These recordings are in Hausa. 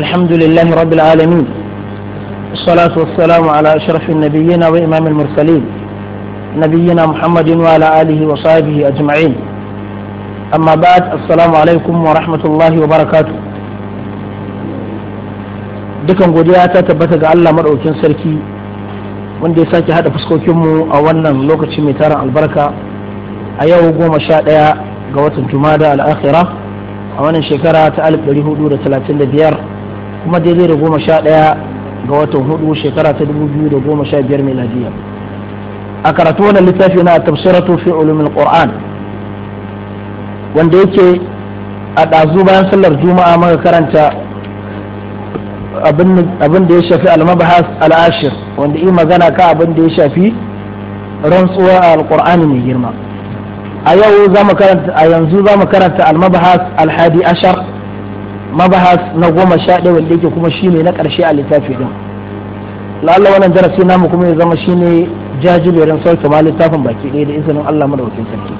الحمد لله رب العالمين الصلاة والسلام على أشرف النبيين وإمام المرسلين نبينا محمد وعلى آله وصحبه أجمعين أما بعد السلام عليكم ورحمة الله وبركاته dukan godiya ta tabbata ga Allah maɗaukin sarki wanda ya sake haɗa fuskokinmu a wannan lokacin mai tarin albarka a yau goma sha ɗaya ga watan jumada al'akhira a wannan shekara ta alif ɗari hudu da talatin da biyar kuma daidai da goma sha ɗaya ga watan hudu shekara ta dubu biyu da goma sha biyar miladiya a karatu wannan littafi na tafsiratu fi ulumin qur'an wanda yake a ɗazu bayan sallar juma'a muka karanta abin da ya shafi almabahas al'ashir wanda yi magana ka abin da ya shafi rantsuwa qur'ani mai girma a yau za mu karanta a yanzu za mu karanta almabahas alhadi ashar mabahas na goma sha ɗaya wanda yake kuma ne na ƙarshe a littafi din lallai wannan darasi namu kuma ya zama shine jajiberin sauke ma littafin baki ɗaya da izinin Allah madaukakin sarki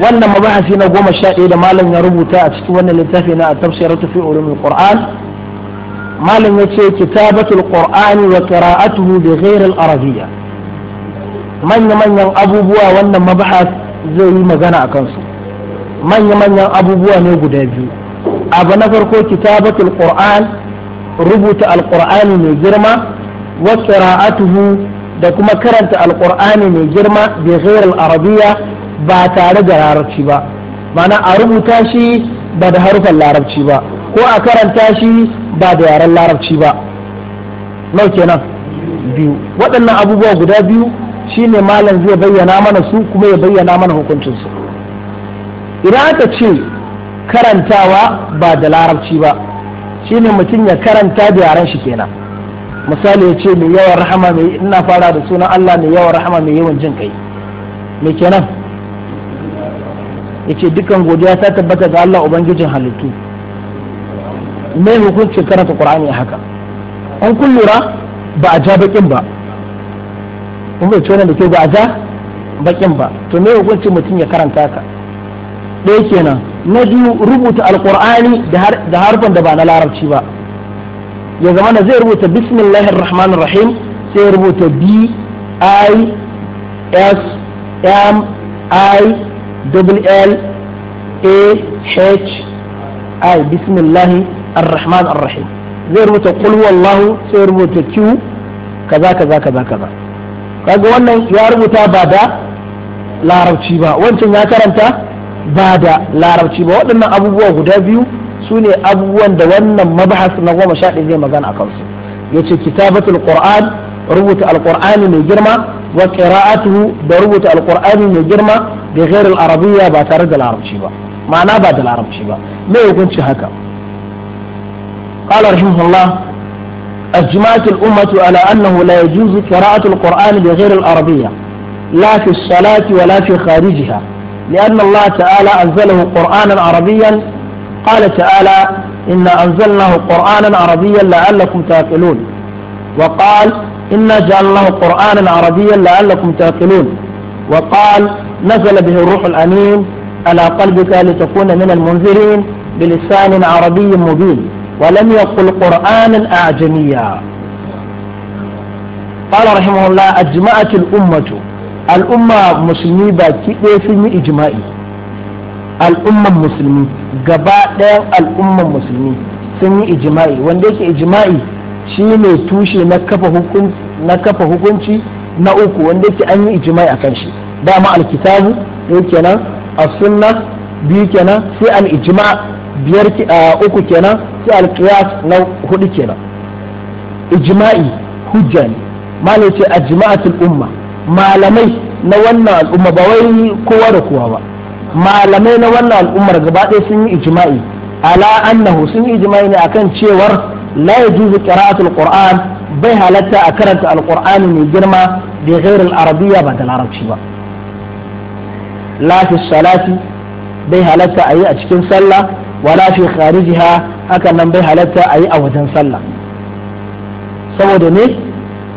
wannan mabahasi na goma sha ɗaya da malam ya rubuta a cikin wannan littafi na tafsirar tafi ulumul qur'an malam ya ce kitabatul qur'ani wa qira'atuhu bi ghairi al-arabiyya manya manyan abubuwa wannan mabahas zai yi magana a kansu manya-manyan abubuwa ne guda biyu abu na farko kitabatul qur'an rubuta alqur'ani mai girma wa qira'atuhu da kuma karanta alqur'ani mai girma bi ghair al ba tare da larabci ba mana a rubuta shi ba da harufan larabci ba ko a karanta shi ba da yaren larabci ba nau kenan biyu waɗannan abubuwa guda biyu shine malam zai bayyana mana su kuma ya bayyana mana hukuncinsu idan aka ce karantawa ba da larabci ba shi ne mutum ya karanta da yaren shi kenan misali ya ce mai yawan rahama mai ina fara da sunan Allah mai yawan rahama mai yawan jin kai me kenan ya ce dukkan godiya ta tabbata ga Allah ubangijin halittu mai hukuncin karanta qur'ani haka an kun lura ba a ja bakin ba kun bai tona da kyau ba a ja bakin ba to me hukuncin mutum ya karanta ka ɗaya kenan na biyu rubuta alkur'ani da harfan da ba na larabci ba ya zama zai rubuta bismillahir rahmanir rahim sai ya rubuta b i s m i l a h i bismillahi ar-rahman zai rubuta qul wallahu sai rubuta q kaza kaza kaga wannan ya rubuta ba da larabci ba wancan ya karanta ba da larabci ba waɗannan abubuwa guda biyu su ne abubuwan da wannan mabahas na goma sha ɗaya zai magana a kansu ya ce kitabatul qur'an rubuta alqur'ani mai girma wa qira'atuhu da rubuta alqur'ani mai girma da ghairil arabiyya ba tare da larabci ba ma'ana ba da larabci ba me hukunci haka قال رحمه الله أجمعت الأمة على أنه لا يجوز قراءة القرآن بغير العربية لا في الصلاة ولا في خارجها لأن الله تعالى أنزله قرآنا عربيا قال تعالى إنا أنزلناه قرآنا عربيا لعلكم تعقلون وقال إنا جعلناه قرآنا عربيا لعلكم تعقلون وقال نزل به الروح الأمين على قلبك لتكون من المنذرين بلسان عربي مبين ولم يقل قرآنا أعجميا قال رحمه الله أجمعت الأمة al'umma musulmi baki ɗaya sun yi ijma'i al'umman musulmi gaba ɗayan al'umman musulmi sun yi ijma'i wanda yake ijma'i shi ne tushe na kafa hukunci na uku wanda yake an yi ijma'i a kan shi dama alkitabu ɗaya kenan a sunna biyu kenan sai al'ijma biyar a uku kenan sai alkiyas na hudu kenan ijma'i hujja ne malai ce a jima'atul umma malamai na wannan al'umma ba wai kowa da kowa ba malamai na wannan al'ummar gaba ɗaya sun yi ijma'i ala annahu sun yi ijma'i ne akan cewar la yajuzu qira'atul qur'an bai halatta a karanta alqur'ani mai girma da ghairu al-arabiyya ba da larabci ba la fi salati bai halatta a yi a cikin sallah wala fi kharijiha hakan nan bai halatta a yi a wajen sallah saboda ne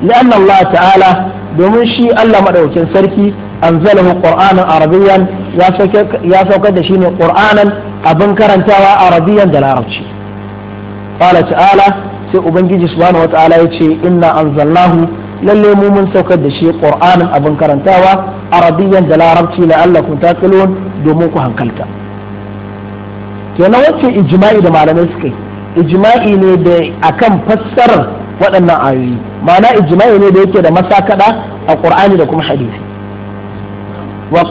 لأن الله ta'ala. domin shi Allah madaukakin sarki anzalahu qur'anan arabiyan ya saukar da shi ne qur'anan abin karantawa arabiyan da larabci qala ta'ala sai ubangiji subhanahu wata'ala yace inna anzalnahu lalle mu mun saukar da shi qur'anan abin karantawa arabiyan da larabci la'allakum taqilun domin ku hankalta kenan wacce ijma'i da malamai suka yi ijma'i ne da akan fassarar waɗannan ayoyi ma'ana ijma'i ne da yake da masakada a qur'ani da kuma hadisi wa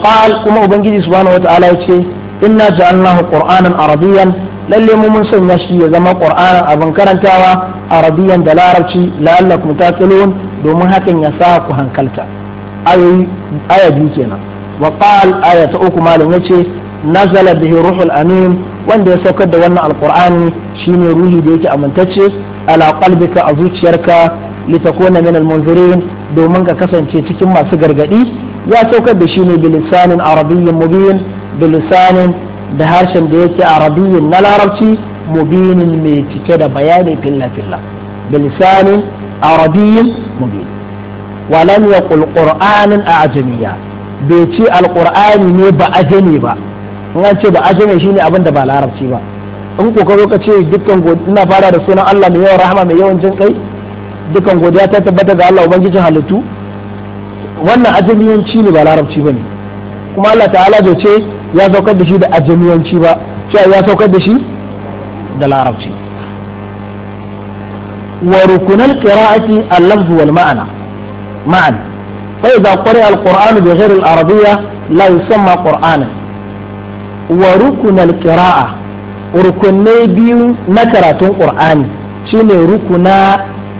kuma ubangiji subhanahu wata'ala ya ce inna ja'alnahu qur'anan arabiyan lalle mu mun sanya shi ya zama qur'anan abin karantawa arabiyan da larabci la'allakum taqilun domin hakan ya sa ku hankalta ayoyi aya biyu kenan wa qal aya ta uku malam yace nazala bihi ruhul amin wanda ya saukar da wannan alqur'ani shine ruhi da yake amintacce ala qalbika a zuciyarka litakuna min almunzirin domin ka kasance cikin masu gargadi ya saukar da shi ne bilisanin arabiyyin mubin bilisanin da harshen da yake arabiyyin na larabci mubinin mai cike da bayani filla filla bilisanin arabiyyin mubin walam yaqul qur'anin ajamiyya bai ce alqur'ani ne ba ajami ba in an ce ba ajami shine abin da ba larabci ba in kokaro ka ce dukkan ina fara da sunan Allah mai yawan rahama mai yawan jin kai dukkan godiya ta tabbata ga Allah ubangijin halittu wannan ajamiyanci ne ba larabci bane kuma Allah ta'ala da ce ya saukar da shi da ajamiyanci ba cewa ya saukar da shi da larabci wa rukunal qira'ati al-lafz wal ma'ana ma'an fa idza qari'a al-qur'anu bi ghayri al-arabiyya la yusamma qur'anan wa rukunal qira'ah rukunai biyu na karatun ƙur'ani shine ne rukuna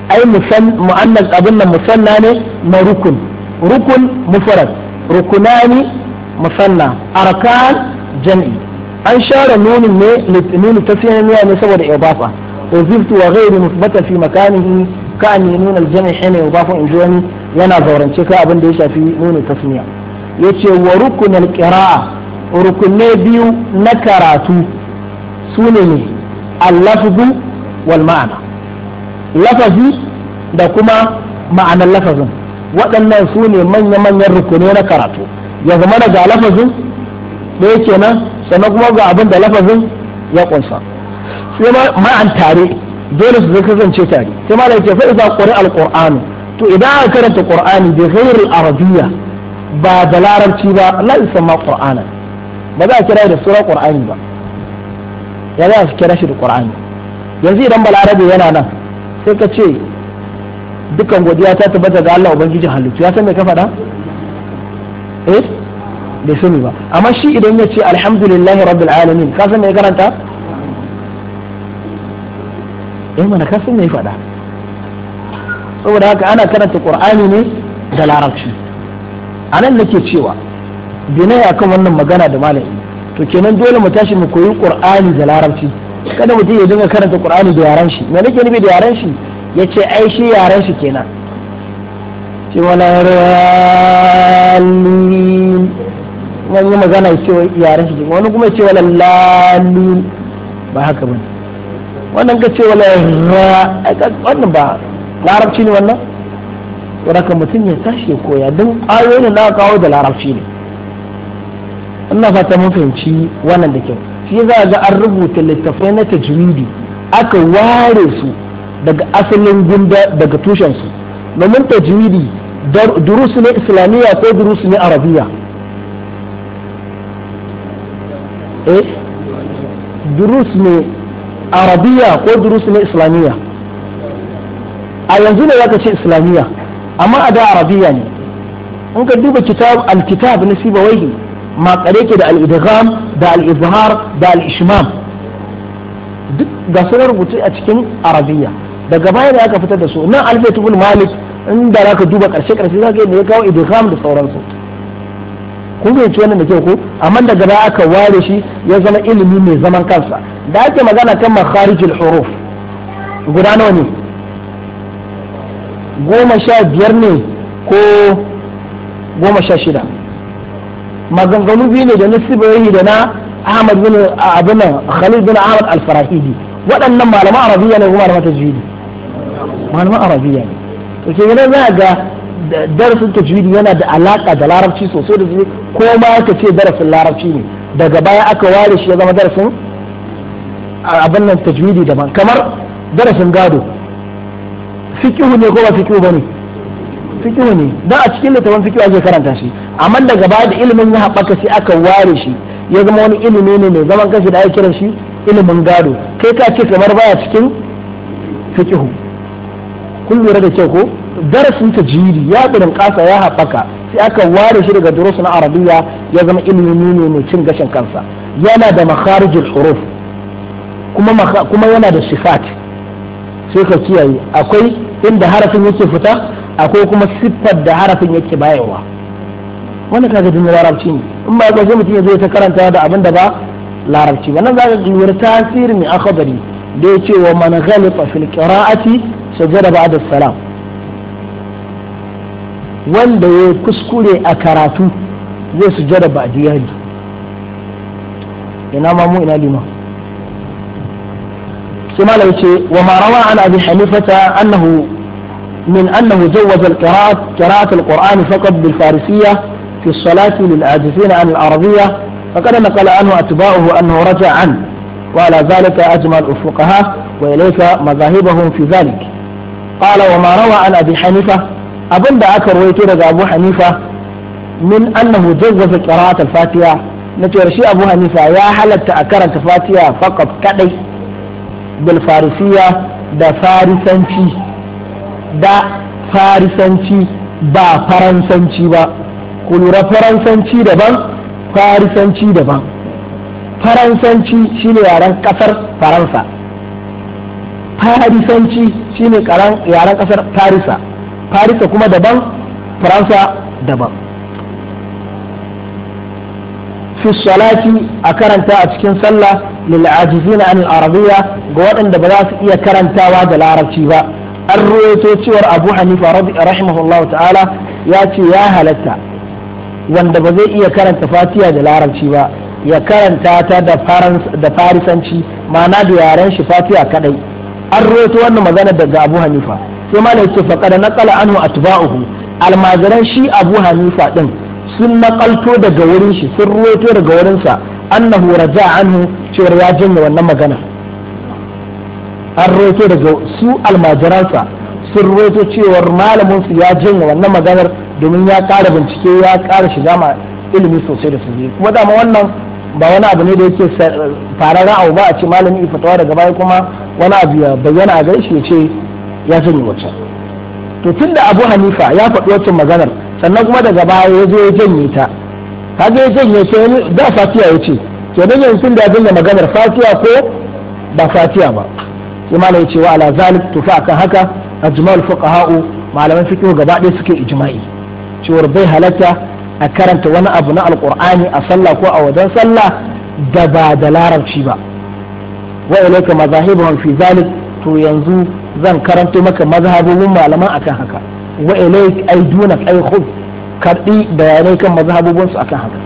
ai mu'annas abin nan musanna ne na rukun rukun mufarad rukunani musanna arkan jam'i an share nunin ne nunu ta ne saboda ibafa uzirtu wa ghairi musbata fi makanihi ka ni nuna aljami hina ya bafa in wani yana zaurance ka abin da ya shafi nuna Ya ce wa rukunul qira'a rukunne biyu na karatu su ne ne allafuzu wal ma'ana lafazi da kuma ma'anar lafazin waɗannan su ne manya-manyan rukuni na karatu ya zama daga lafazin ɗaya kenan sannan kuma ga abin da lafazin ya ƙunsa sai ma'an tare dole su zai kasance tare sai ma da ke fa'iza ƙuri to idan aka karanta ƙur'ani bai ghairul Arabiya ba da larabci ba Allah isa ma ƙur'ana ba za a kira da sura ƙur'ani ba ya za su kira shi da qur'ani yanzu idan balarabe yana nan sai ka ce dukkan godiya ta tabbata ga Allah ubangijin halittu ya san me ka faɗa eh bai sani ba amma shi idan ya ce alhamdulillahi rabbil alamin ka san me karanta eh mana ka san me faɗa saboda haka ana karanta qur'ani ne da larabci anan nake cewa bina kan wannan magana da malami to kenan dole mu tashi mu koyi qur'ani da larabci kada mutum ya dinga karanta qur'ani da yaran shi me nake nufi da yaran shi yace ai shi yaran shi kenan ce wala ralin wani magana ya ce yaran shi wani kuma ya ce wala lalin ba haka bane wannan ka ce wala wannan ba larabci ne wannan wadaka mutum ya tashi ya koya don ayoyin da na kawo da larabci ne ina fata mun fahimci wannan da kyau shi za ga an rubuta littafai na tajwidi aka ware su daga asalin gunda daga tushensu. domin tajwidi durusu ne islamiyya ko durusu ne arabiya eh durus ne arabiya ko durus ne islamiyya a yanzu ne zaka ce islamiyya amma a da arabiya ne in ka duba kitab alkitab na sibawaihi makare ke da al-idgham da al-izhar da al-ishmam duk ga rubutu a cikin arabiya daga baya da aka fitar da su nan alfiyatu bin malik inda zaka duba ƙarshe karshe zaka ga ya kawo idgham da sauransu kun fahimci wannan da kyau ko amma daga baya aka ware shi ya zama ilimi mai zaman kansa da ake magana kan makharijul huruf guda nawa ne goma sha biyar ne ko goma sha shida maganganu biyu ne da na sibayi da na ahmad bin abin khalil bin ahmad al-farahidi waɗannan malaman arabiya ne kuma malaman tajwidi malaman arabiya ne to ke gane za ga darasin tajwidi yana da alaka da larabci sosai da sosai ko ma ka ce darasin larabci ne daga baya aka ware shi ya zama darasin abin nan tajwidi daban kamar darasin gado fikihu ne ko ba fikihu ne. fiqh ne dan a cikin littafin fiqh ake karanta shi amma daga baya da ilimin ya haɓaka sai aka ware shi ya zama wani ilimi ne mai zaman kashi da ake kiran shi ilimin gado kai ka ce kamar baya cikin fiqh kun lura da kyau ko darasin tajiri ya birin kasa ya haɓaka sai aka ware shi daga durusu na arabiya ya zama ilimi ne mai cin gashin kansa yana da makharijul huruf kuma yana da sifat sai ka kiyaye akwai inda harafin yake fita akwai kuma siffar da harafin yake bayarwa wannan kaga din larabci ne in ba ga mutum ya zo ta karanta da abin da ba larabci ba nan zaka lura tasirin mai akhbari da ya ce wa man ghalifa fil qira'ati sajada ba'da salam wanda ya kuskure a karatu zai sujada ba diyani ina ma ina lima sai ya ce wa ma rawa an abi hanifata annahu من أنه جوز القراءة قراءة القرآن فقط بالفارسية في الصلاة للعاجزين عن العربية فقد نقل عنه أتباعه أنه رجع عنه وعلى ذلك أجمع الفقهاء وإليك مذاهبهم في ذلك قال وما روى عن أبي حنيفة أبن دعك رويته أبو حنيفة من أنه جوز قراءة الفاتحة نتي رشي أبو حنيفة يا حلت أكرت فاتحة فقط كدي بالفارسية da farisanci da farisanci ba faransanci ba ku lura faransanci daban farisanci daban faransanci shine yaren kasar faransa farisanci shine yaren kasar farisa farisa kuma daban faransa daban fi salati a karanta a cikin sallah lil'ajizina anil arabiya ga waɗanda ba za su iya karantawa da larabci ba an ruwaito cewar abu hanifa rahimahullahu ta'ala ya ce ya halatta wanda ba zai iya karanta fatiya da larabci ba ya karanta ta da farisanci ma'ana da yaren shi fatiya kadai an ruwaito wannan magana daga abu hanifa sai malam ce faqad naqala anhu atba'uhu almajiran shi abu hanifa din sun naƙalto daga wurin shi sun ruwaito daga wurinsa annahu raja anhu cewar ya janye wannan magana an roto daga su almajiransa sun roto cewar malaminsu ya jin wannan maganar domin ya kara bincike ya kara shiga ma ilimi sosai da sosai kuma dama wannan ba wani abu ne da yake fara ra'au ba a ce malami ifatawa daga baya kuma wani abu ya bayyana a gare shi ce ya sanya wacce to tun da abu hanifa ya faɗi wancan maganar sannan kuma daga baya ya zo ya janye ta kaga ya janye ta da fatiya ya ce kenan yanzu tun da ya janye maganar fatiya ko ba fatiya ba sai ya ce wa ala zalik akan haka ajmal fuqaha'u malaman fiqh gaba ɗaya suke ijma'i cewar bai halatta a karanta wani abu na alqur'ani a sallah ko a wajen sallah da ba da larabci ba wa ilayka mazahibuhum fi zalik to yanzu zan karanto maka mazhabobin malaman akan haka wa ilayk ay dunak ay khudh karbi bayanai kan mazhabobin su akan haka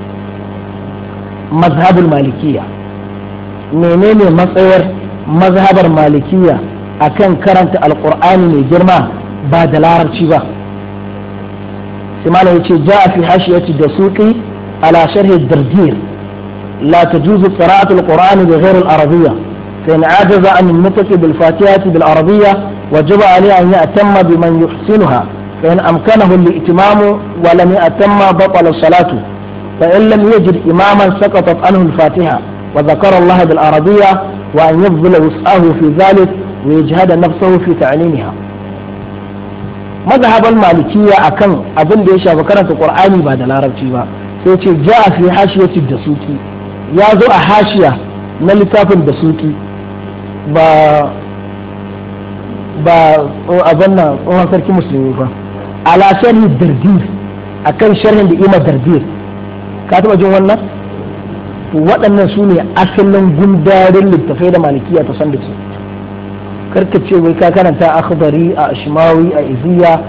mazhabul malikiya menene matsayar mazhabar malikiya akan karanta alkur'ani mai girma ba da larabci ba sai malam yace ja'a fi hashiyati da suki ala sharh ad-dardir la tajuzu qira'atu al-qur'ani bi ghayr al-arabiyya fa in ajaza an al bil fatihati bil arabiyya wajaba alayhi an ya'tamma biman yuhsinuha fa in amkanahu al itimamu wa lam ya'tamma batala salatu fa in lam yajid imaman saqatat anhu al-fatiha وذكر الله arabiyya وأن يبذل وسعه في ذلك ويجهد نفسه في تعليمها مذهب المالكية أكن أظن ليش أفكرت القرآن بعد العربي ما سيتي جاء في حاشية الدسوكي يا ذو حاشية من لتاف الدسوكي با با أظن أظن سركي مسلمين على شرح الدردير أكن شرح لإيمة الدردير كاتب أجون والله to waɗannan su ne asalin gundarin littafai da malikiya ta san da su karka ce wai ka karanta akhbari a ashimawi a iziya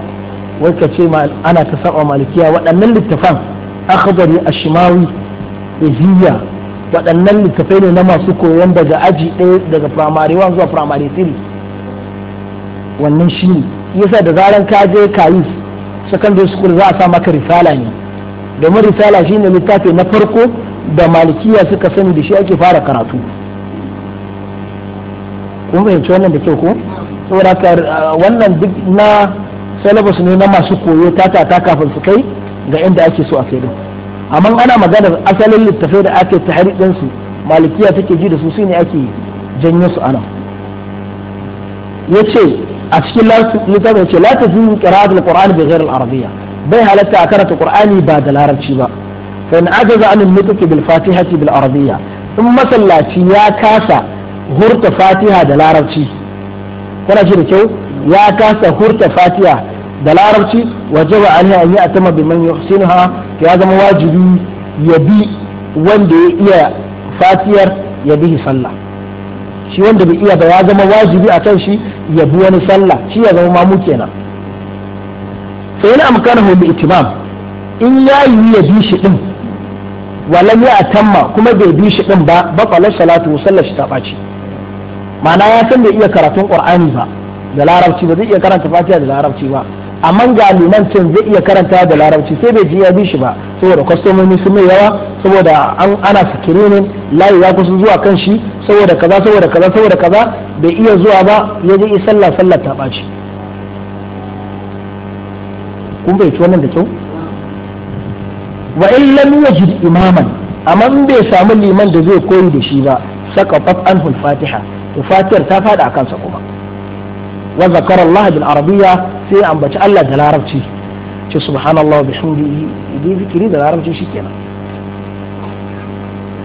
wai ka ce ana ta saba malikiya waɗannan littafan akhbari ashimawi iziya waɗannan littafai ne na masu koyon daga aji ɗaya daga firamare 1 zuwa firamare 3 wannan shi ne yasa da zaran ka je kayis secondary school za a sa maka risala ne domin risala shine littafi na farko da malikiya suka sani da shi ake fara karatu kun fahimci wannan da kyau ko saboda uh, wannan duk na syllabus ne na masu koyo ta ta kafin su kai ga inda ake so a kai din amma ana maganar asalin littafai da ake tahari din su malikiya take ji da su shine ake janyo su ana yace a cikin littafin yace la tajibu qira'atul ƙur'ani bi ghairi al-arabiyya bai halatta a karanta qur'ani ba da larabci ba fa in ajaza an nutuki bil fatihati bil arabiyya in masallaci ya kasa hurta fatiha da larabci kuna shi da kyau ya kasa hurta fatiha da larabci wajaba alhi an yi atama bi man yuhsinuha ya zama wajibi ya bi wanda ya fatiyar ya bihi sallah shi wanda bai iya ba ya zama wajibi akan shi ya bi wani sallah shi ya zama mamu kenan sai na amkana hu bi itimam in ya yi ya bi shi ɗin. walam ya tamma kuma bai bi shi din ba baqala salatu sallar shi ta baci ma'ana ya san bai iya karatun qur'ani ba da larabci ba zai iya karanta fatiha da larabci ba amma ga liman can zai iya karanta da larabci sai bai ji ya bi shi ba saboda kwastomomi sun mai yawa saboda an ana sikirinin layi ya kusa zuwa kan shi saboda kaza saboda kaza saboda kaza bai iya zuwa ba ya ji sallah sallah ta ɓaci kun bai ci wannan da kyau wa in lam yajid imaman amma in bai samu liman da zai koyi da shi ba saqafat anhu al-fatiha to fatihar ta fada akan sa kuma wa zakara Allah bil arabiyya sai ambaci Allah da larabci ce subhanallahi bihamdihi idan zikiri da larabci shikenan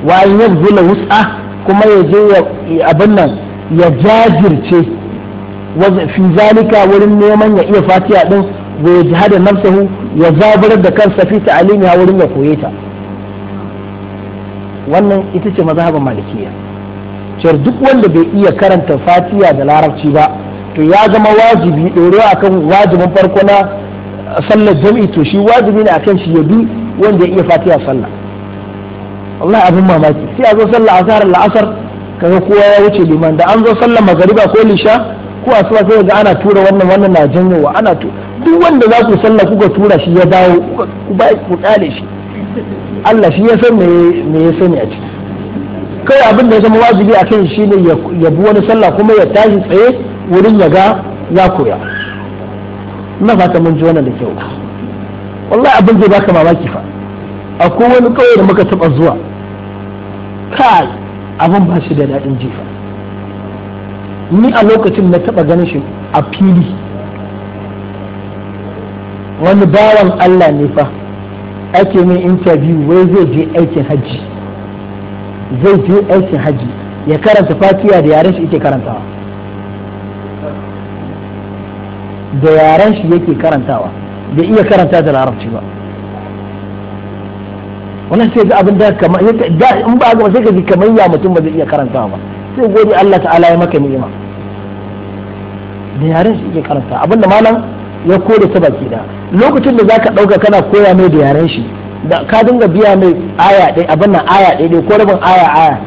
wa an yabzula wus'a kuma ya je abin nan ya jajirce fi zalika wurin neman ya iya fatiha din wa yajhada nafsahu ya zaburar da kansa fi ta'alimi ha wurin ya koye wannan ita ce mazhabin malikiya cewar duk wanda bai iya karanta fatiha da larabci ba to ya zama wajibi ɗorewa akan wajibin farko na sallar jam'i to shi wajibi ne akan shi ya bi wanda ya iya fatiha sallar wallahi abin mamaki sai a zo sallah azhar la'asar kaga kowa ya wuce liman da an zo sallar magariba ko lisha ko a asuba sai ga ana tura wannan wannan na janyowa ana tura duk wanda za ku sallah kuka tura shi ya dawo ku kyale shi Allah shi ya san me ya sani a ciki kai abin da ya zama wajibi akan kan shi ne ya bi wani sallah kuma ya tashi tsaye wurin ya ga ya koya na fata mun ji wannan da kyau wallahi abin zai baka mamaki fa akwai wani kauye da muka taba zuwa kai abin ba shi da daɗin jifa ni a lokacin na taba ganin shi a fili wani bawan Allah ne fa ake min interview wai zai je aikin hajji zai je aikin hajji ya karanta fatiya da yaren shi yake karantawa da yaren shi yake karantawa bai iya karanta da larabci ba wannan sai ga abin da kamar in ba ga sai ka ji kamar ya mutum ba zai iya karantawa ba sai gode Allah ta'ala ya maka ni'ima da yaren shi yake karanta abin da malam ya kore ta baki da lokacin da zaka dauka kana koya mai da yaren shi da ka dinga biya mai aya ɗaya abin nan aya ɗaya ɗaya ko rabin aya aya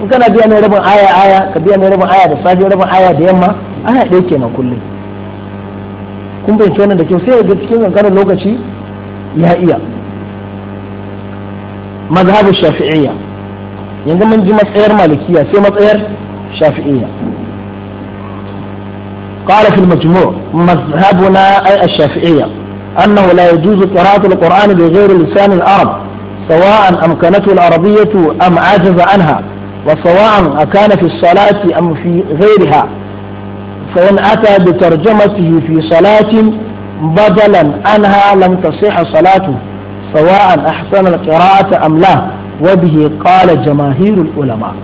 in kana biya mai rabin aya aya ka biya mai rabin aya da safe rabin aya da yamma aya ɗaya ma kullum kun bai wannan da kyau sai ga cikin kankanin lokaci ya iya mazhabin shafi'iyya yanzu mun ji matsayar malikiya sai matsayar shafi'iyya قال في المجموع مذهبنا أي الشافعية أنه لا يجوز قراءة القرآن بغير لسان العرب سواء أمكنته العربية أم عجز عنها وسواء أكان في الصلاة أم في غيرها فإن أتى بترجمته في صلاة بدلا عنها لم تصح صلاته سواء أحسن القراءة أم لا وبه قال جماهير العلماء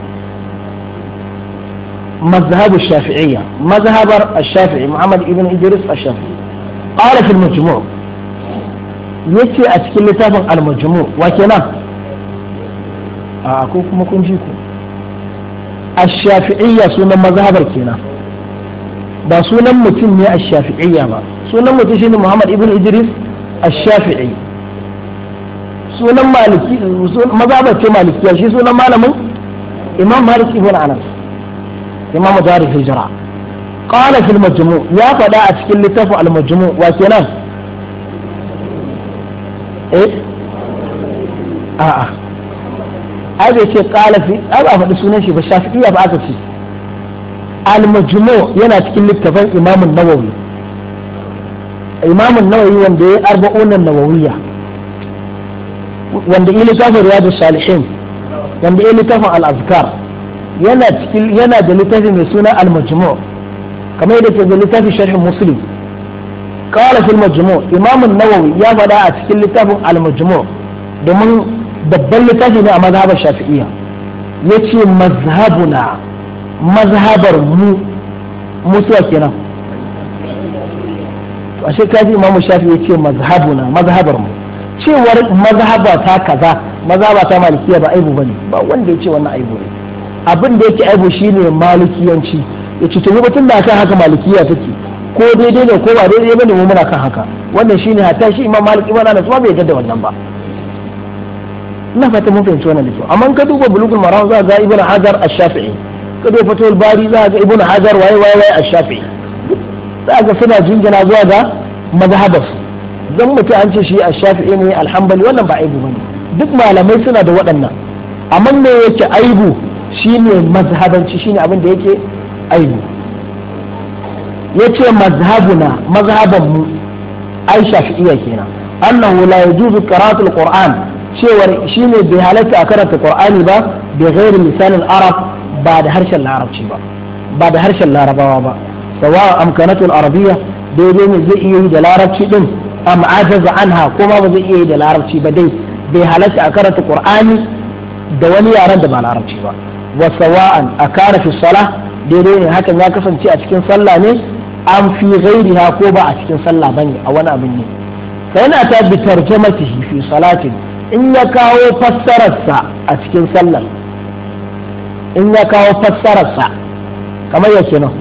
مذهب الشافعية مذهب الشافعي محمد ابن إدريس الشافعي قال في المجموع a cikin littafin almajimu wa kenan a ko kuma kun ku sunan ba sunan mutum ne a shafiiyya ba sunan mutum shine Muhammad ibn Idris a shafii sunan maliki mazhabar ce malikiya shi sunan malamin Imam Malik ibn Anas imamu darul hijra qala fil majmu ya fada a cikin littafin al majmu wa kenan eh a'a ai bai ce qala fi a ba faɗi sunan shi ba shafi'iyya ba aka ce al majmu yana cikin littafin imamun nawawi imamun nawawi wanda ya arba'unan nawawiyya wanda ya littafin riyadu salihin wanda ya littafin al-azkar yana cikin yana da littafi mai suna al-majmu' kamar yadda ke da littafi sharh muslim qala fil majmu' imam an-nawawi ya faɗa a cikin littafin al-majmu' domin babban littafi ne a mazhabar shafi'iyya yace mazhabuna mazhabar mu mutuwa kenan ashe kaji imamu shafi ya ce mazhabuna mazhabar mu cewar mazhabata ta kaza mazhabata ta malikiya ba aibu bane ba wanda ya ce wannan aibu ne abin da yake aibu shine malikiyanci ya ce tuni batun da kan haka malikiya take ko daidai ne ko ba daidai bane mu muna kan haka wannan shine hata shi imam malik ibn anas ba bai yarda wannan ba ina fata mun fahimci wannan da kyau amma ka duba bulugul maram za ga ibn hajar ash-shafi'i ka duba fatul bari za ga ibn hajar waye waye waye ash-shafi'i za ga suna jingina zuwa ga mazhabasu dan mutu an ce shi ash-shafi'i ne alhambali wannan ba aibu bane duk malamai suna da waɗannan amma me yake aibu ne mazhabanci shine abin da yake aini yace mazhabuna mazhabin mu ai shafi'iyya kenan annahu la yajuzu qira'atul qur'an cewar shine bai halatta a karanta qur'ani ba bi ghairi misalin arab ba da harshen larabci ba ba da harshen larabawa ba sawa amkanatul arabiyya daidai ne zai iya yi da larabci din am ajaza anha kuma ba zai iya yi da larabci ba dai bai halatta a karanta qur'ani da wani yaran da ba larabci ba wa sawa'an a kara fi sala daidai ne hakan ya kasance a cikin sallah ne an fi ghairiha ko ba a cikin sallah bane a wani abin ne fa yana ta bi tarjamatihi fi salatin in ya kawo fassararsa a cikin sallar in ya kawo fassararsa kamar ya ce nan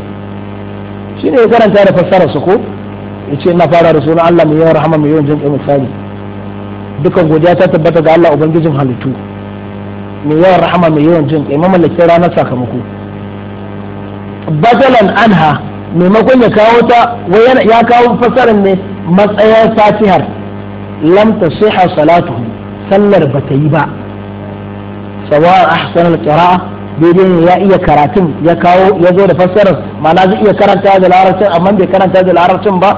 shi ne ya karanta da fassararsa ko ya ce na fara da sunan Allah mai yawan rahama mai yawan jinƙai misali dukan godiya ta tabbata ga Allah ubangijin halittu mai yawan rahama mai yawan jin kai mamallakin ranar sakamako batalan anha maimakon ya kawo ta ya kawo fasarar ne matsayar fatihar lam tasiha salatuhu sallar ba ta yi ba sawa ahsan al-qira'a daidai ne ya iya karatun ya kawo ya zo da fassarar ma'ana zai iya karanta da larabcin amma bai karanta da larabcin ba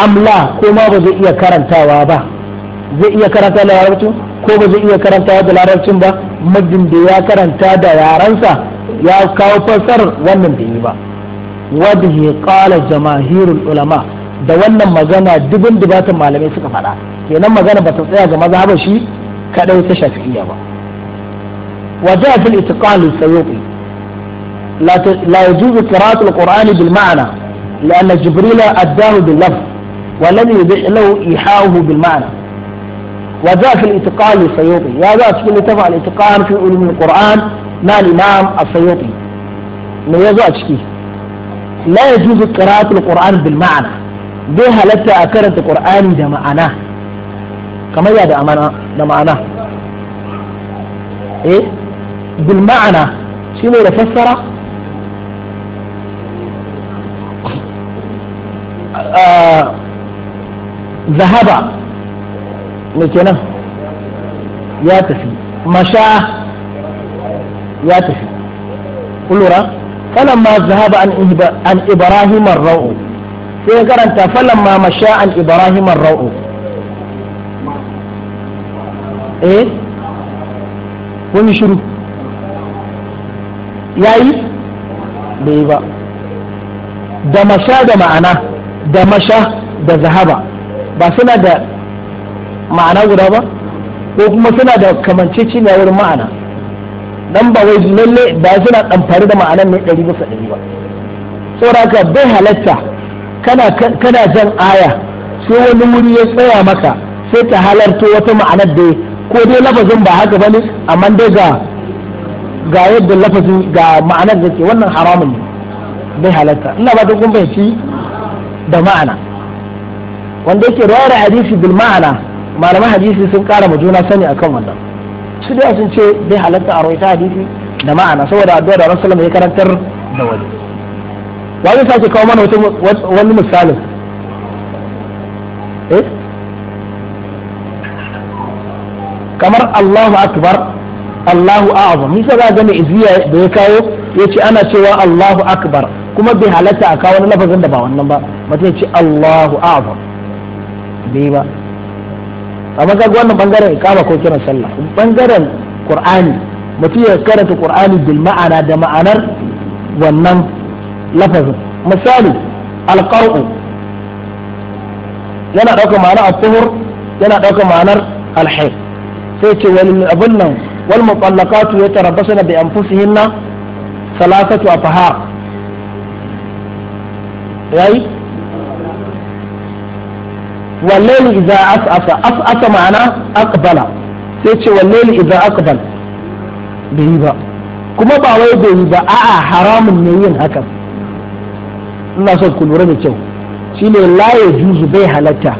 amla ko ma ba zai iya karantawa ba zai iya karanta da larabcin ko ba zai iya karanta da larabcin ba muddin da ya karanta da yarensa ya kawo fasar wannan da yi ba wadda ya kala jamahirul ulama da wannan magana dubin dubatan malamai suka faɗa kenan magana ba ta tsaya ga maza ba shi kadai ta iya ba wajen ja fil itiqal sayuqi la yajuzu qira'atu al-qur'ani bil ma'na لأن جبريل أداه باللفظ ولم يبع وجاء في الاتقان للسيوطي يا جاء في الاتقان الاتقان في علوم القرآن مع الإمام السيوطي ما يزوى أشكي لا يجوز قراءة القرآن بالمعنى بها لتا أكرت القرآن ده معناه كما يا ده أمانة معناه إيه بالمعنى شنو يفسر آه ذهب me kenan ya tafi masha ya tafi kullura ma zahaba an ibrahim ar-ra'u sai karanta ma masha an ibrahim ar-ra'u eh kun shiru yayi bai ba da masha da ma'ana da masha da zahaba ba suna da ma'ana guda ba ko kuma suna da kamance wurin ma'ana dan ba wai lalle ba suna ɗamfari da ma'anan ne ɗari bisa ɗari ba saboda haka bai halatta kana jan aya sai wani wuri ya tsaya maka sai ta halarto wata ma'anar da ko dai lafazin ba haka bane amma dai ga ga yadda lafazin ga ma'anar da ke wannan haramun ne bai halatta ina ba ta kun da ma'ana wanda yake rawar hadisi bil ma'ana malaman hadisi sun kara ma juna sani akan wannan su da sun ce bai halatta a rawaita hadisi da ma'ana saboda addu'a da rasulullah ya karantar da wani wani sake kawo mana wani misalin eh kamar Allahu akbar Allahu a'azam nisa za ga izziya da ya kawo ya ce ana cewa Allahu akbar kuma bai halatta a kawo wani lafazin da ba wannan ba mutum ya ce Allahu a'azam bai ba amma ga wannan bangaren ikama ko kiran sallah bangaren qur'ani mutum ya karanta qur'ani bil ma'ana da ma'anar wannan lafazin misali alqar'u yana daukar ma'anar al-tuhur yana ɗauka ma'anar al-hayy sai ce wal abun nan wal mutallaqatu yatarabbasna bi anfusihinna salasatu afhar yayi wallahi idza as'asa as'asa ma'ana aqbala sai ce wallahi idza aqbal bai yi ba kuma ba wai bai yi ba a'a haramun ne yin hakan ina so ku lura da kyau shine la yajuzu bai halatta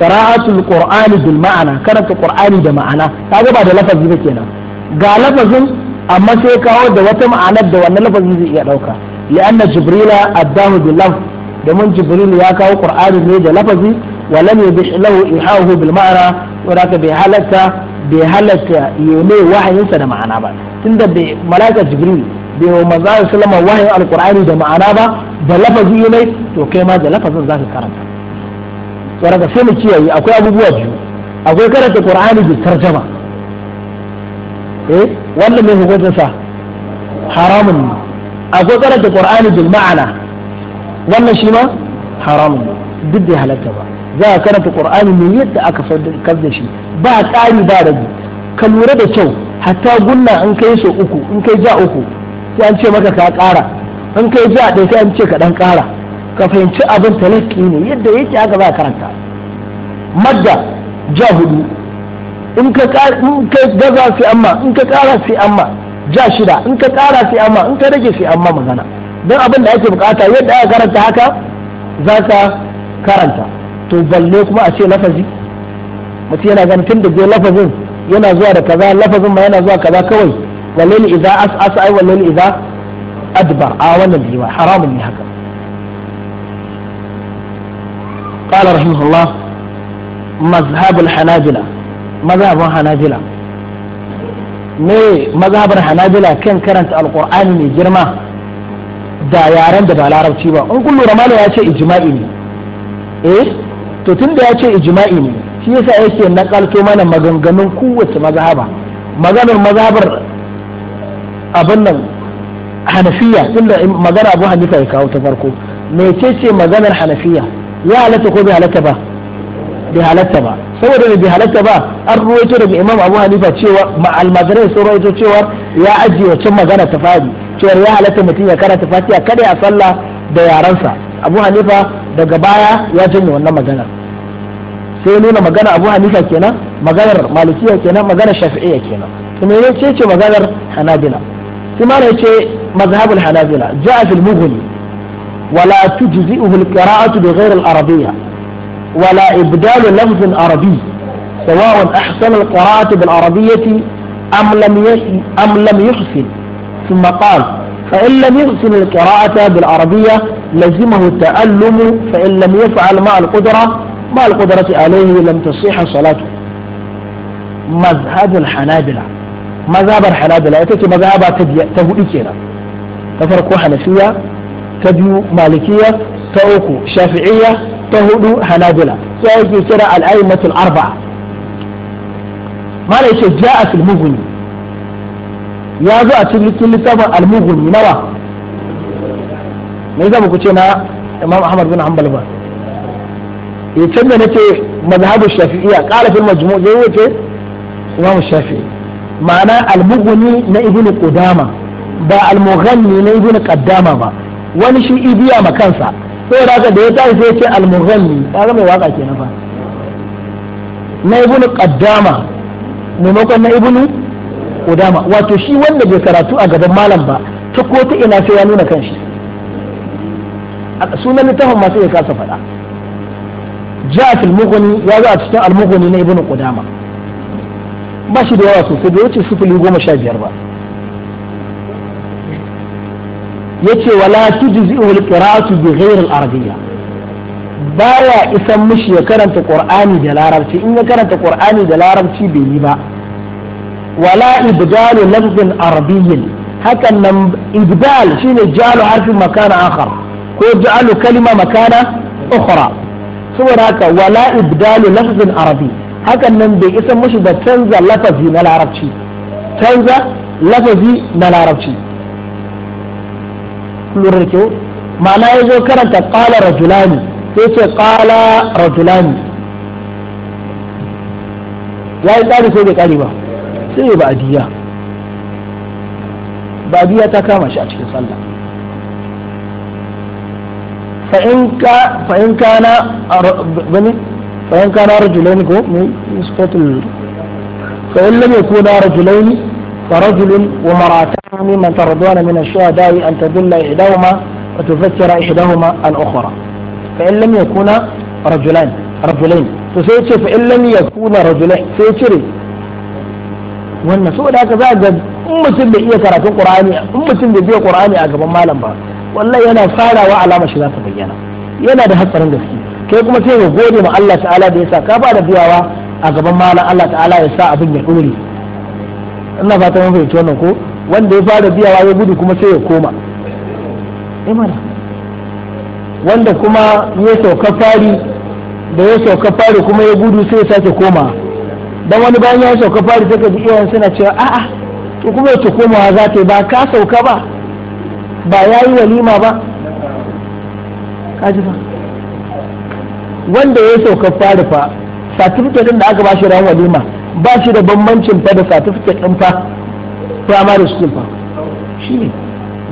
qira'atul qur'ani bil ma'ana karanta qur'ani da ma'ana kaga ba da lafazi ba kenan ga lafazin amma sai kawo da wata ma'anar da wannan lafazi zai iya dauka li'anna jibrila Adahu bil lafz domin jibril ya kawo qur'ani ne da lafazi ولم يبح له إيحاؤه بالمعنى وراك بحالته بحالته يمي وحي ينسى معنا با تند بملائكة جبريل بيو مزار سلم وحي القرآن ده معنا با ده لفظ يمي تو كيما ده لفظ ذاك كرنتا وراك سيما كيي أكو أبو بواجه أكو كرنت القرآن بالترجمة إيه ولا من هو جنسة حرام أكو كرنت القرآن بالمعنى ولا شيما حرام ضد هلكة بقى za ka karanta qur'ani ne yadda aka saukar shi ba tsari ba rage ka lura da kyau hatta gunna in kai so uku in kai ja uku sai an ce maka ka ƙara in kai ja ɗaya sai an ce ka ɗan ƙara ka fahimci abin talaki ne yadda yake aka za karanta madda ja hudu in ka gaza sai amma in ka ƙara sai amma ja shida in ka ƙara sai amma in ka rage sai amma magana don abin da ake bukata yadda aka karanta haka za ka karanta to balle kuma a ce lafazi mutum yana ganin tun da dai lafazin yana zuwa da kaza lafazin ma yana zuwa kaza kawai wallahi idza as'asa ai wallahi idza adbar a wannan biwa haramun ne haka قال رحمه الله مذهب الحنابلة مذهب الحنابلة me mazhabar hanabila kan karanta alkur'ani mai girma da yaren da ba larabci ba in kun lura malam ya ce ijma'i ne eh to tun da ya ce ijma'i ne shi yasa yake nakalto mana maganganun kowace mazhaba maganar mazhabar abin nan hanafiya tunda magana abu hanifa ya kawo ta farko mece ce maganar hanafiya ya halatta ko bai halatta ba bai halatta ba saboda bai halatta ba an ruwaito daga imam abu hanifa cewa almajirai sun ruwaito cewa ya ajiye wacce magana ta fadi cewa ya halatta mutum ya karanta fatiha kada ya sallah da yaransa abu hanifa daga baya ya janye wannan maganar sai nuna magana abu hanifa kenan maganar malikiya kenan maganar shafi'iyya kenan to me yace ce maganar hanabila sai ma yace mazhabul hanabila ja'a fil mughni wala tujzi'uhu al-qira'atu bi ghayr al-arabiyya wala ibdalu lafz al arabi al qira'atu bil arabiyyati am lam لم am lam يحسن thumma qala فإن لم يحسن القراءة بالعربية لزمه التألم فإن لم يفعل مع القدرة مع القدرة عليه لم تصح صلاته مذهب الحنابلة مذهب الحنابلة يتكي مذهب تبوئي كنا تفرق حنفية تبيو مالكية تأوكو شافعية تهدو حنابلة سيأتي كنا الأئمة الأربعة ما ليس جاء في المغني ya zo a cikin littafin al-mughni nawa mai zama ku ce na imam ahmad bin hanbal ba ya eh, can nake mazhabu shafi'iyya kala fil majmu' zai wuce imam shafi'i ma'ana al-mughni na ibnu qudama ba al na ibnu qaddama ba wani shi ibiya ma kansa sai raka da ya tashi sai ce al ka ga mai waka kenan fa na ibnu qaddama maimakon na ibnu kodama wato shi wanda bai karatu a gaban malam ba ta ko ta ina sai ya nuna kanshi sunan littafin masu ya kasa faɗa ja'at al-mughni ya zo a cikin al-mughni na ibnu qudama ba shi da yawa sosai bai wuce sifili goma sha biyar ba ce wala tujzi'u al-qira'atu bi ghayr al-arabiyya baya isan mishi ya karanta qur'ani da larabci in ya karanta qur'ani da larabci bai yi ba wala ibdalu lafzin arabiyyin hakan nan ibdal shine jalu harfin makana akhar ko jalu kalima makana ukhra saboda haka wala ibdalu lafzin arabi hakan nan bai isa mushi da canza lafazi na larabci canza lafazi na larabci lura kyau ma'ana ya zo karanta qala rajulani sai ce qala rajulani ya yi ba sai ya ba'adiyya ba'adiyya ta kama shi a cikin sallah fa'in kana bane fa'in kana rajulaini ko mai sifatul fa'in lam yakuna rajulaini فرجل ومرأتان ممن ترضون من الشهداء أن تدل إحداهما وتذكر إحداهما الأخرى فإن لم يكونا رجلان رجلين فسيتشي فإن لم يكونا رجلين سيتشري wannan saboda haka za ga in mutum bai iya karatun qur'ani in mutum bai biya qur'ani a gaban malam ba wallahi yana farawa alama shi za ta bayyana yana da hatsarin gaske kai kuma sai ka gode ma Allah ta'ala da yasa ka ba da biyawa a gaban malam Allah ta'ala ya sa abin ya dore ina fata mun fahimci wannan ko wanda ya fara biyawa ya gudu kuma sai ya koma eh mana wanda kuma ya sauka fari da ya sauka fari kuma ya gudu sai ya sake koma dan wani bayan ya sauka fari ta ka ji iyayen suna cewa a'a to kuma yace komawa za ta yi ba ka sauka ba ba ya yi walima ba ka ji fa wanda ya sauka fari fa certificate din da aka bashi ran walima ba shi da bambancin fa da certificate din fa primary school fa ne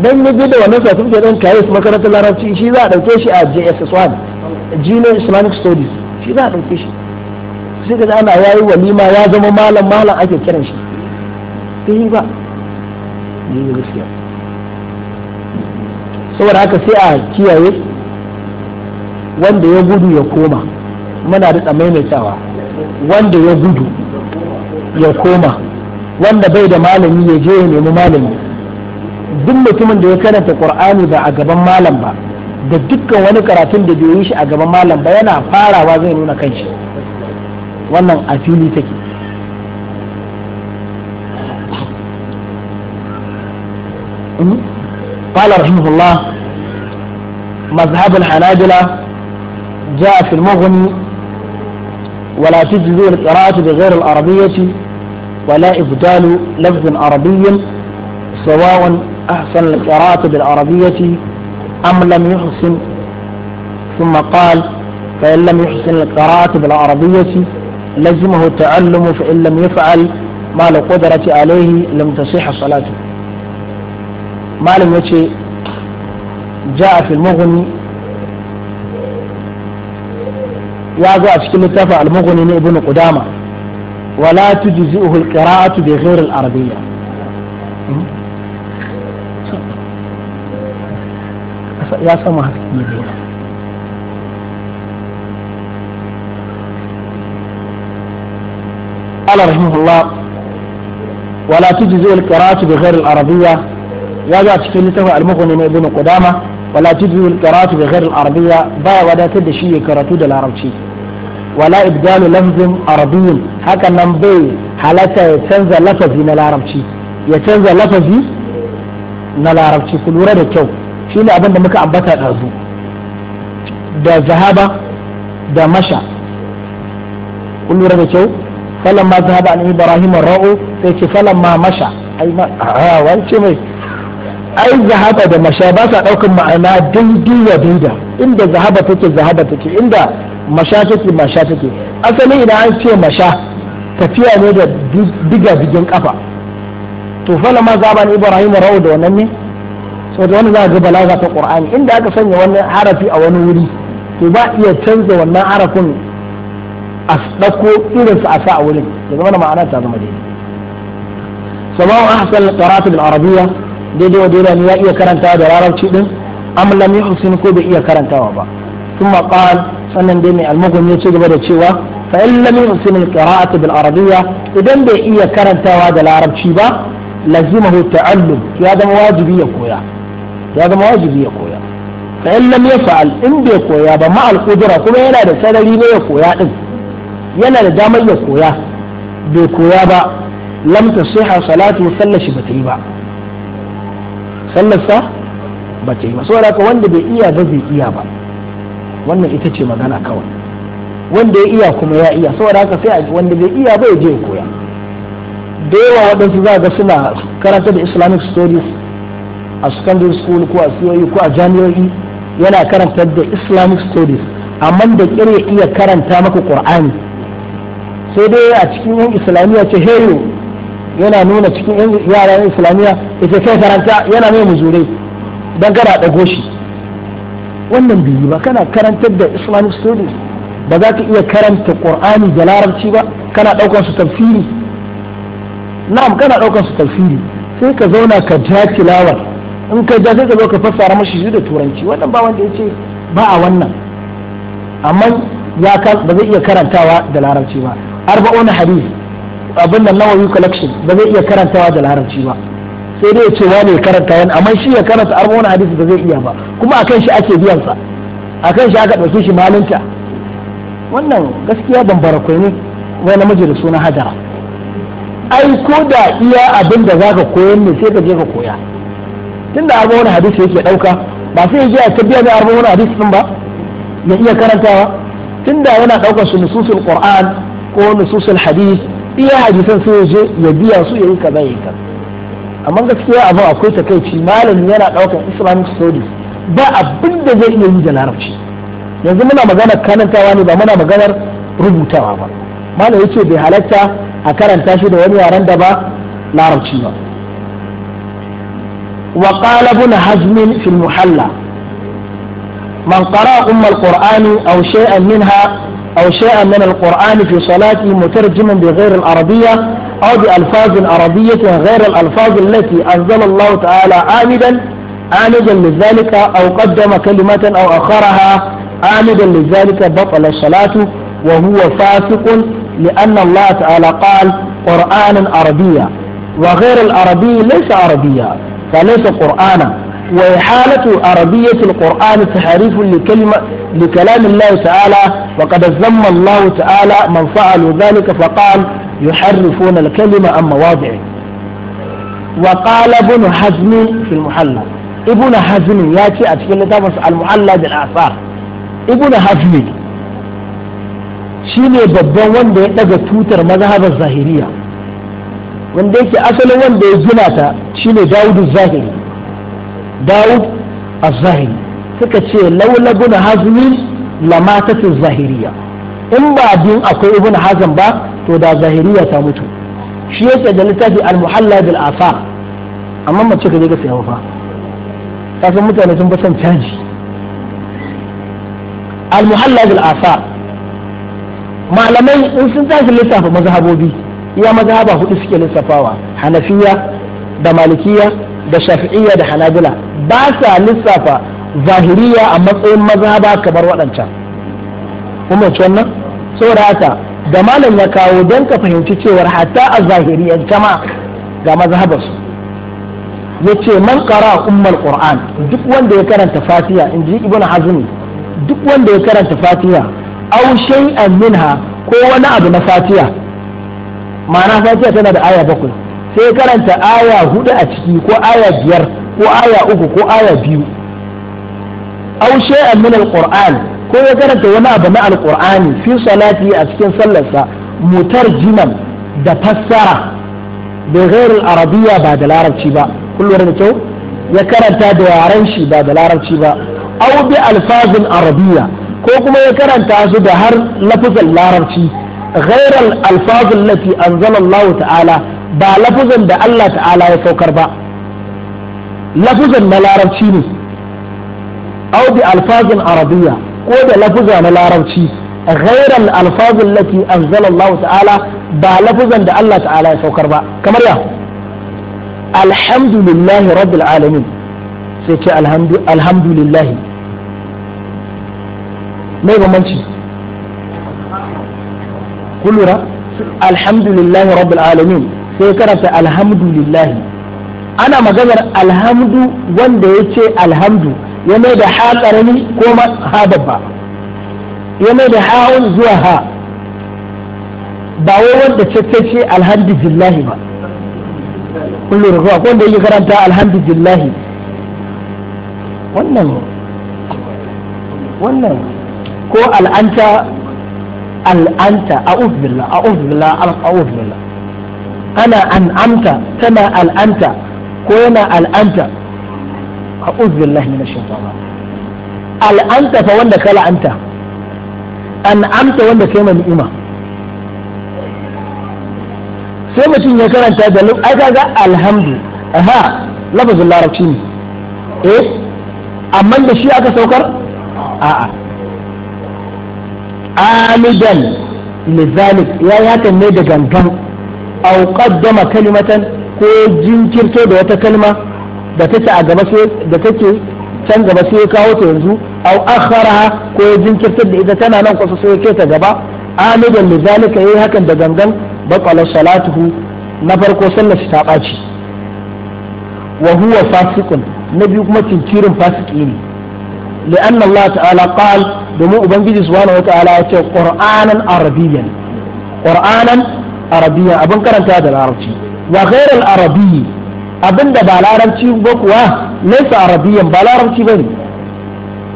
dan ne da wannan certificate din kai su makarantar larabci shi za a dauke shi a JSS1 Junior Islamic Studies shi za a dauke shi sai ka ana ya yi walima ya zama malam malam ake kiran shi ta yi ba yi gaskiya saboda haka sai a kiyaye wanda ya gudu ya koma muna da maimaitawa wanda ya gudu ya koma wanda bai da malami ya je ya nemi malami duk mutumin da ya karanta qur'ani ba a gaban malam ba da dukkan wani karatun da bai yi shi a gaban malam ba yana farawa zai nuna kanshi wannan a fili take قال رحمه الله مذهب الحنابلة جاء في المغني ولا تجزي القراءة بغير العربية ولا إبدال لفظ عربي سواء أحسن القراءة بالعربية أم لم يحسن ثم قال فإن لم يحسن القراءة بالعربية لزمه التعلم فإن لم يفعل ما القدرة عليه لم تصح صلاته ما لم يتي جاء في المغني يا جاء في المغني ابن قدامة ولا تجزئه القراءة بغير العربية يا سماحة قال رحمه الله ولا تجزي القراءة بغير العربية يا جاء cikin littafin al ne na ibn qudama wala tujzi al-qira'atu bi ghayr al wadatar da shi ya karatu da larabci wala ibdalu lafzin arabiyyin hakan nan bai halatta ya canza lafazi na larabci ya canza lafazi na larabci ku da kyau shine abin da muka ambata dazu da zahaba da masha da kyau falan ma zahaba an ibrahim ra'u sai ce falan ma masha ai ma a wance mai ai zahaba da masha ba sa daukan ma'ana daidai ya daida inda zahaba take zahaba take inda masha take masha take asali idan an ce masha tafiya ne da diga digin kafa to falan ma zahaba an ibrahim ra'u da wannan ne So da wani za a ga balaga ta qur'ani inda aka sanya wani harafi a wani wuri to ba iya canza wannan harafin a ɗauko irinsu a sa a wurin ya zama ma'ana ta zama daidai sabawun ahsan qara'atu bil arabiyya daidai wa daidai ya iya karantawa da larabci din am lam yuhsin ko bai iya karantawa ba thumma qala sannan dai mai almughni ya ci gaba da cewa fa in lam yuhsin al qira'atu bil arabiyya idan bai iya karantawa da larabci ba lazimahu ta'allum ya zama wajibi ya koya ya zama wajibi ya koya fa in lam yaf'al in bai koya ba ma al qudra kuma yana da sarari ne ya koya din yana da damar ya koya bai koya ba sai har salatu sallar shi bata yi ba sallarsa bata yi ba saboda ka wanda bai iya ba bai iya ba wannan ita ce magana kawai wanda ya iya kuma ya iya saboda ka sai wanda bai iya ba ya je ya koya da yawa waɗansu za ga suna karanta da islamic stories a secondary school ko a siyoyi e ko a jami'o'i yana karanta da islamic stories amma da kire iya karanta maka qur'ani sai dai a cikin yan islamiyya ce heyo yana nuna cikin yan yara yan islamiyya ita kai karanta yana mai muzurai don gara ɗago shi wannan biyu ba kana karantar da islamic studies ba za ka iya karanta qur'ani da larabci ba kana ɗaukar su tafsiri na'am kana ɗaukar su tafsiri sai ka zauna ka ja tilawar in ka ja sai ka zo ka fassara mashi shi da turanci wannan ba wanda ya ce ba a wannan amma ya ba zai iya karantawa da larabci ba arba'un hadith abin nan nawawi collection ba zai iya karantawa da larabci ba sai dai ya ce wani karanta wani amma shi ya karanta arba'un hadith ba zai iya ba kuma akan shi ake biyan sa akan shi aka dauke shi malinta wannan gaskiya bambara barakwai ne wai namiji da suna hajara ai ko da iya abin da zaka koyar ne sai ka je ka koya tunda arba'un hadith yake dauka ba sai ya je a tabbiya da arba'un hadith din ba ya iya karantawa tunda yana daukar su nususul qur'an ko nususul hadis iya hadisan sai ya je ya biya su ya yi kaza ya yi kaza amma gaskiya abin akwai takaici malami yana ɗaukar islamic studies ba abin da zai iya yi da larabci yanzu muna maganar karantawa ne ba muna maganar rubutawa ba malam ya bai halatta a karanta shi da wani yaran da ba larabci ba وقال ابن حزم في المحلى من قرأ أم القرآن أو شيئا منها أو شيئا من القرآن في صلاته مترجما بغير العربية أو بألفاظ عربية غير الألفاظ التي أنزل الله تعالى عامدا عامدا لذلك أو قدم كلمة أو أخرها عامدا لذلك بطل الصلاة وهو فاسق لأن الله تعالى قال قرآنا عربيا وغير العربي ليس عربيا فليس قرآنا وإحالة عربية القرآن تحريف لكلمة بكلام الله تعالى وقد ذم الله تعالى من فعلوا ذلك فقال يحرفون الكلمة عن مواضعه وقال ابن حزم في المحلى ابن حزم ياتي أتكلم تابس المحلى بالآثار ابن حزم shine babban wanda ya daga tutar mazhabar zahiriya wanda yake asalin wanda ya gina ta shine dawudu zahiri dawud az-zahiri suka ce laula bin hazmi lamatatu zahiriya in ba din akwai ibn hazm ba to da zahiriya ta mutu shi yake da littafi al-muhalla bil asar amma mace ka je ka saya fa san mutane sun fi son caji al-muhalla bil asar malamai in sun tashi lissafa mazhabobi iya mazhaba hudu suke lissafawa hanafiya da malikiya da shafi'iyya da hanabila ba sa lissafa zahiriya a matsayin maza ba kamar waɗancan kuma wannan saboda haka da malam ya kawo don ka fahimci cewar hatta a zahiriyar jama ga mazhabarsu ya ce man kara ummar qur'an duk wanda ya karanta fatiha in ji ibn hazmi duk wanda ya karanta fatiha aw shay'an minha ko wani abu na fatiha ma'ana fatiha tana da aya bakwai sai ya karanta aya hudu a ciki ko aya biyar ko aya uku ko aya biyu aw shay'an min alquran ko ya karanta wani abu na alkur'ani fi salati a cikin sallarsa mutarjiman da fassara da ghairul Arabiya ba da larabci ba kullum da kyau ya karanta da yaren shi ba da larabci ba aw bi alfazin arabiyya ko kuma ya karanta su da har lafazin larabci ghairul alfazin lati anzala Allah ta'ala ba lafazin da Allah ta'ala ya saukar ba lafazin na larabci ne أو بألفاظ عربية ko da lafuza na larabci ghairal alfazul lati anzala Allah ta'ala ba lafuzan da Allah ta'ala ya saukar ba kamar ya alhamdulillahi rabbil alamin sai ce alhamdulillahi mai bambanci kullura alhamdulillahi rabbil alamin sai karanta alhamdulillahi ana maganar alhamdu wanda ya ce alhamdu ya mai da ha karami ko ha babba ya mai da ha'un zuwa ha ba wai wanda cece alhamdulillahi ba kullum da ko wanda yake karanta alhamdulillahi wannan wannan ko al'anta al'anta a'udhu billah a'udhu billah a'udhu billah ana an'amta tana al'anta ko yana al'anta a'udhu billahi minash shaitanir al'anta fa wanda ka la'anta an'amta wanda kai ma ni'ima sai mutum ya karanta da ai kaga alhamdu aha lafazin larabci ne eh amma da shi aka saukar a'a amidan lizalik ya yata ne da gangan au qaddama kalimatan ko jinkirto da wata kalma da take a gaba sai da take can gaba sai ya kawo ta yanzu Au akhara ko ya jinkirtar da ita tana nan kusa sai ya ta gaba amidan li zalika yayi hakan da gangan baqala salatuhu na farko sallar shi ta baci wa huwa fasiqun na biyu kuma tinkirin fasiki ne لأن الله تعالى قال دمو أبنجي سبحانه وتعالى قرآنا عربيا قرآنا عربيا أبن كرنت هذا العربي وغير العربي abin da ba larabci ba kuwa laisa arabiyan ba larabci ba ne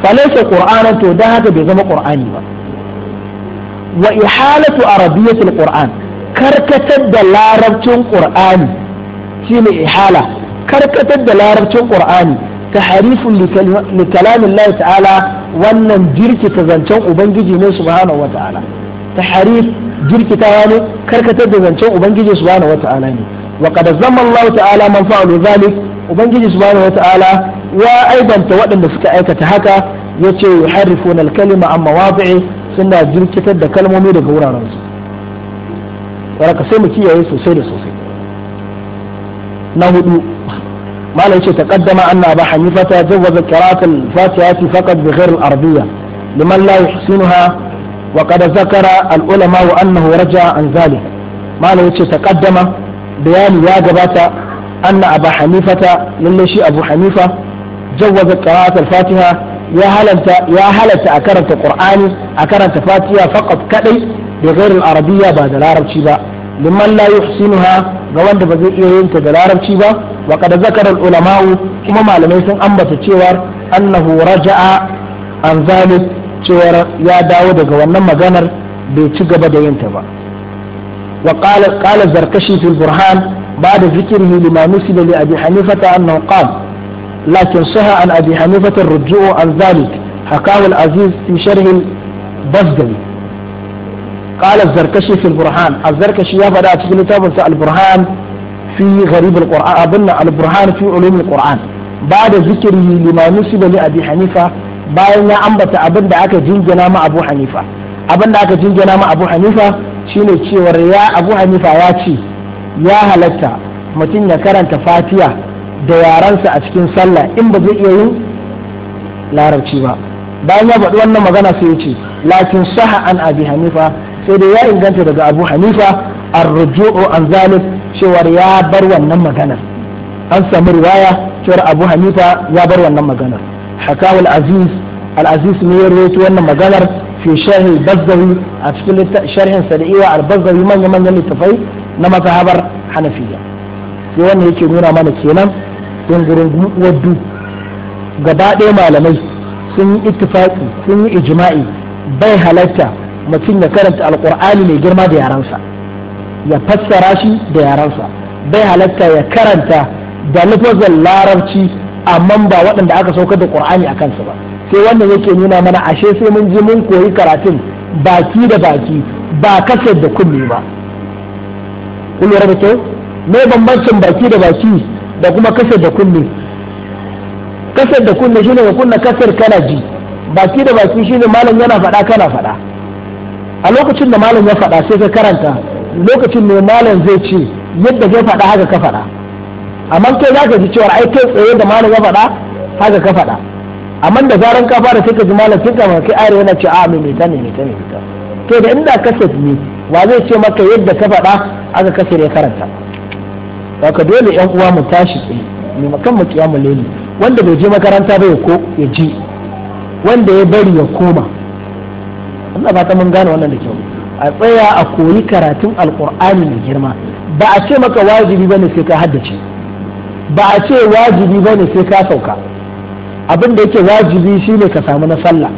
falaisa qur'anan to dan haka bai zama qur'ani ba wa ihalatu arabiyatul qur'an karkatar da larabcin qur'ani shine ihala karkatar da larabcin qur'ani tahrifun li kalamillahi ta'ala wannan jirkita zancen ubangiji ne subhanahu wa ta'ala tahrif jirkitawa ne karkatar da zancen ubangiji subhanahu wa ta'ala ne wa qad zamma ta'ala man fa'alu zalik ubangiji subhanahu wa ta'ala ya aibanta waɗanda suka aikata haka yace yuharrifuna al-kalima amma wadi'i suna jirkitar da kalmomi daga wuraren su waraka sai mu kiyaye sosai da sosai na hudu malam ce taqaddama anna ba hanifata jawaza qira'at al-fatiha faqat bighayr al-arabiyya liman la yuhsinuha وقد ذكر العلماء أنه رجع عن ذلك ما لا يتقدم bayani ya gabata anna abu hanifata lalle shi abu hanifa jawwaza qira'at fatiha ya halalta ya halalta a karanta qur'ani a karanta fatiha faqat kadai da ghairin arabiyya ba da larabci ba liman la yuhsinuha ga wanda ba zai iya yin ta da larabci ba wa qad zakara al-ulama'u kuma malamai sun ambata cewa annahu raja'a an zalik cewa ya dawo daga wannan maganar bai ci gaba da yin ta ba وقال قال الزركشي في البرهان بعد ذكره لما نسب لأبي حنيفة أنه قال لكن صح عن أبي حنيفة الرجوع عن ذلك حكاه العزيز في شرح البزدوي قال الزركشي في البرهان الزركشي يبدأ في كتاب البرهان في غريب القرآن أظن البرهان في علوم القرآن بعد ذكره لما نسب لأبي حنيفة bayan ya ambata abin da aka jingina ma Abu Hanifa abin da aka jingina ma shine cewar ya abu hanifa ya ce ya halatta mutum ya karanta fatiya da yarensa a cikin sallah in ba zai iya yin larabci ba bayan ya faɗi wannan magana sai ya ce lakin saha an abi hanifa sai dai ya inganta daga abu hanifa an rujuu an zalif cewar ya bar wannan maganar an samu riwaya cewar abu hanifa ya bar wannan maganar hakawul aziz al-aziz ne ya rawaito wannan maganar fi sharh bazzawi a cikin sharhin sadiwa al-bazzawi manya manyan littafai na mazhabar hanafiya sai wanda yake nuna mana kenan gungurin waddu gaba ɗaya malamai sun yi ittifaqi sun yi ijma'i bai halatta mutum ya karanta alqur'ani mai girma da yaransa ya fassara shi da yaransa bai halatta ya karanta da lafazin larabci amma ba waɗanda aka saukar da qur'ani a kansu ba sai wannan yake nuna mana ashe sai mun ji mun koyi karatun baki da baki ba kasar da kullu ba kun rabu to me bambancin baki da baki da kuma kasar da kullu kasar da kullu shine ka kunna kasar kana ji baki da baki shine malam yana faɗa kana faɗa a lokacin da malam ya faɗa sai ka karanta lokacin ne malam zai ce yadda zai faɗa haka ka faɗa amma kai za ka ji cewa ai kai tsaye da malam ya faɗa haka ka faɗa amma da zaran ka fara sai ka ji malam ka kama kai ayar yana ce a ah, mai mai ta ne mai ta ne ta to da inda kasaf ne wa zai ce maka yadda ka faɗa aka kasar ya karanta ka dole yan uwa mu tashi tsaye mai makan mu kiyamu leli wanda bai je makaranta ba ya ko ya ji wanda ya bari ya koma Allah ba ta mun gane wannan da kyau a tsaya a koyi karatun alkur'ani mai girma ba a ce maka wajibi bane sai ka haddace ba a ce wajibi bane sai ka sauka abin da yake wajibi shine ka samu na sallah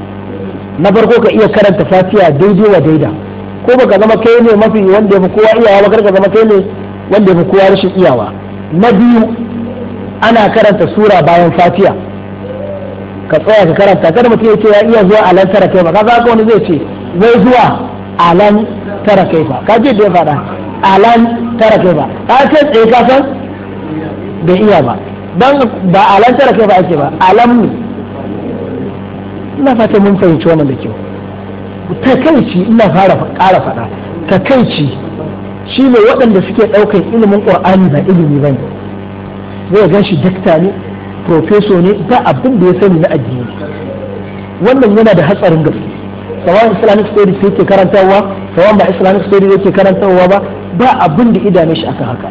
na farko ka iya karanta fatiha daidai wa daida ko baka zama kai ne mafi wanda ya fi kowa iyawa ba ka zama kai ne wanda ya fi kowa rashin iyawa na biyu ana karanta sura bayan fatiha ka tsaya ka karanta kada mutum ya ce ya iya zuwa alan tara kai ba ka zaka wani zai ce zai zuwa alan tara kai ba ka je da ya faɗa alan tara kai ba ka ce tsaye eh, ka san bai iya ba don ba alam tara kai ba ake ba alam ne ina fata mun fahimci wannan da kyau takaici ina fara faɗa takaici shi ne waɗanda suke ɗaukar ilimin ƙur'ani ba ilimi ba ne zai gan shi dakta ne profeso ne ba abin da ya sani na addini wannan yana da hatsarin gaske sawan islamic sai ke karantarwa sawan ba islamic sai ke karantarwa ba ba abin da idane shi aka haka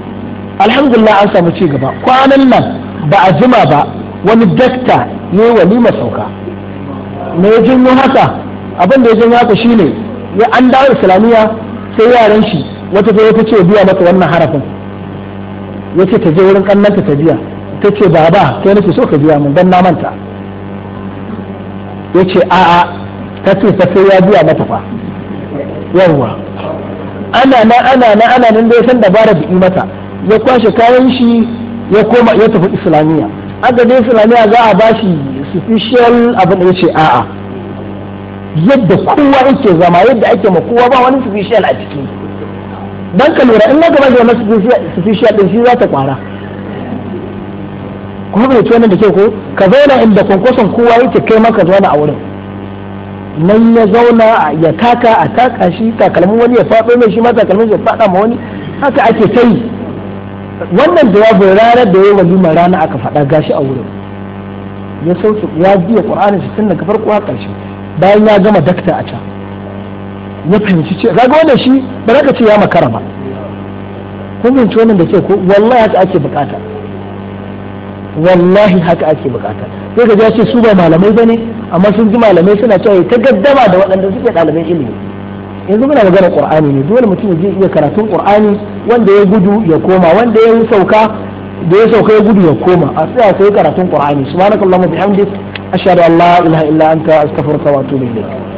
alhamdulillah an samu ci gaba kwanan nan ba a jima ba wani dakta ne walima sauka me ya janyo haka abin da ya janyo haka shine ya an dawo islamiyya sai yaran shi wata ta ta ce biya mata wannan harafin ya ce ta je wurin kannanta ta biya ta ce baba kai nake so ka biya mun dan na manta ya ce a'a ta ce ta sai ya biya mata fa yawwa ana na ana na ana nan dai san dabara bi mata ya kwashe kayan shi ya koma ya tafi islamiyya Adadin islamiyya za a bashi special abin da ya ce a'a yadda kowa yake zama yadda ake ma kowa ba wani special a ciki dan ka lura in na gaba da wani special din shi za ta kwara ko bai ci wannan da ke ko ka zauna inda kwankwason kowa yake kai maka zauna a wurin nan ya zauna ya taka a taka shi takalmin wani ya faɗo mai shi ma takalmin ya faɗa ma wani haka ake ta yi wannan jawabin ranar da ya walima rana aka faɗa gashi a wurin ya sauke ya biya qur'anin shi tun daga farko har ƙarshe bayan ya gama dakta a can ya fahimci ce za wannan shi ba za ka ce ya makara ba kun fahimci wannan da ke ko wallahi haka ake bukata wallahi haka ake bukata sai ka ya ce su ba malamai ba ne amma sun ji malamai suna cewa ta gaddama da waɗanda suke ɗaliban ilimi yanzu muna magana ƙur'ani ne dole mutum ya iya karatun ƙur'ani wanda ya gudu ya koma wanda ya sauka da ya sauka ya gudu ya koma a tsaya sai karatun qur'ani subhanakallahumma bihamdik ashhadu an la ilaha illa anta astaghfiruka wa atubu ilayk